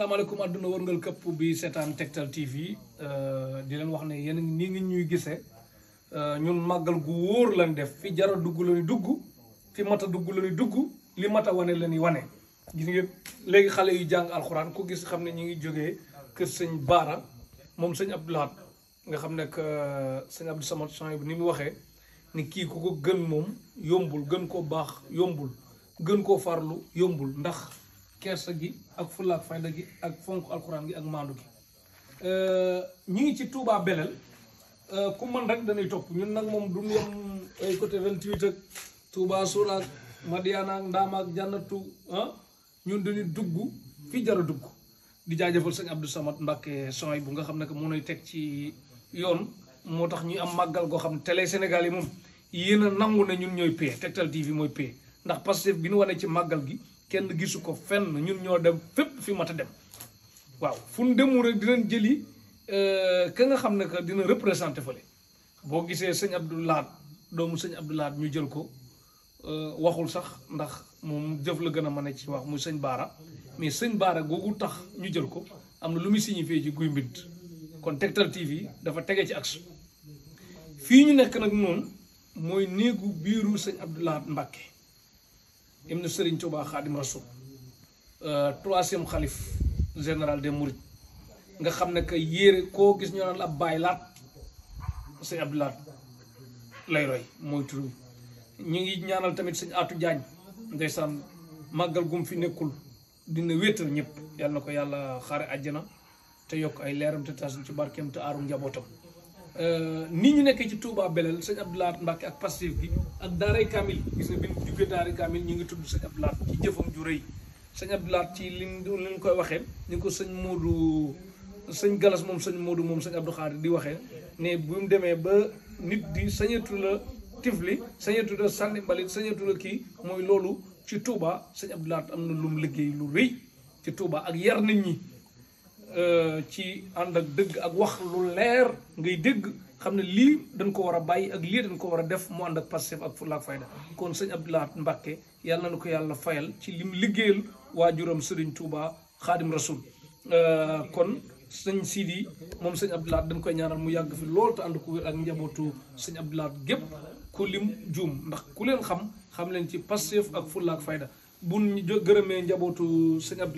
asalaamaaleykum àdduna wërngal këpp bi seetaan Tektal TV euh, di leen wax ne yéen nii ngi ñuy gisee euh, ñun màggal gu wóor lañ def fi jara dugg la dugg fi mat a dugg la dugg li mat a wane la ñu wane. gis ngeen léegi xale yu jàng alxuraan ku gis xam ne ñu ngi jógee kër sëñ Baara moom sëñ Abdou Lahad nga xam ne que euh, sëñ Abdou Samad Chan bi ni mu waxee ni kii ku ko gën moom yombul gën koo baax yombul gën koo farlu yombul ndax. kersa gi ak fulla ak fayda gi ak fonk alxuraan gi ak maandu gi euh, ñu ngi ci Touba Belel euh, ku man rek dañuy topp ñun nag moom du ñu yem ay côté 28 ak Touba Soura ak Madiana ak Ndaama ak Jannatu ah, ñun dañuy dugg fii jar a dugg di jaajëfal sëñ Abdou Samad Mbacke sooy bu nga xam ne que mënuy teg ci yoon moo tax ñuy am màggal goo xam ne télé Sénégal yi moom yéen a nangu ne ñun ñooy pay Tektal TV mooy pay ndax Pastef bi ñu wane ci màggal gi. kenn gisu ko fenn ñun ñoo dem fépp fi mat a dem waaw fu ñu demul rek dinañ jëli euh, ka nga xam ne que dina représenté fële boo gisee sëñ Abdou Lahad doomu sëñ Abdou Lahad ñu jël ko euh, waxul sax ndax moom jëf la gën a mën a ci wax mu sëñ Baara mais sëñ Baara googu tax ñu jël ko am na lu muy fee ci guy mbind kon Tektal TV dafa tege ci axe fii ñu nekk nag noonu mooy néegu biiru sëñ Abdou Lahad Mbacke ibnu Serigne Touba Khadim Rasoul euh, troisième xalif général de Mourides nga xam ne que yére ko gis ñu naan la ab Baay Laat sëñ Abdou Laat lay roy mooy tur ñu ngi ñaanal tamit sëñ Atou Diagne ndeysaan màggal gum fi nekkul dina wéetal ñëpp yal na ko yàlla xaare àjjana te yokk ay leeram te tas ci barkeem te aaru njabootam. Euh, ni ñu nekkee ci Touba Belel sëñ Abdoulaat Mbacke ak Pastef bi ak Daaray Kamil gis na bi mu jugee Daaray Kamil ñu ngi tudd sëñ Abdoulaat ci jëfam ju rëy sëñ Abdoulaat ci li ñu koy waxee ni ko sëñ Modou sëñ Galas moom sëñ Modou moom sëñ Abdou di waxee ne bu mu demee ba nit di sañatu la tifli sañatu la sànni mbalit sañatu la kii mooy loolu ci Touba sëñ Abdoulaat am na lum liggéey lu rëy ci Touba ak yar nit ñi. Euh, ci ànd ak dëgg ak wax lu leer ngay dégg xam ne lii dañ ko war a bàyyi ak lii dañ ko war a def mu ànd ak Pastef ak fulla ak fayda kon sëñ Abdou Lahad Mbacké yàlla na ko yàlla fayal ci lim liggéeyal waajuram Serigne Touba Xaadim Rasul euh, kon sëñ Sidi moom sëñ Abdou Lahad dañ koy ñaanal mu yàgg fi lool te ànd ko wér ak njabootu señ Abdou gépp ku lim ndax ku leen xam xam leen ci Pastef ak fulla ak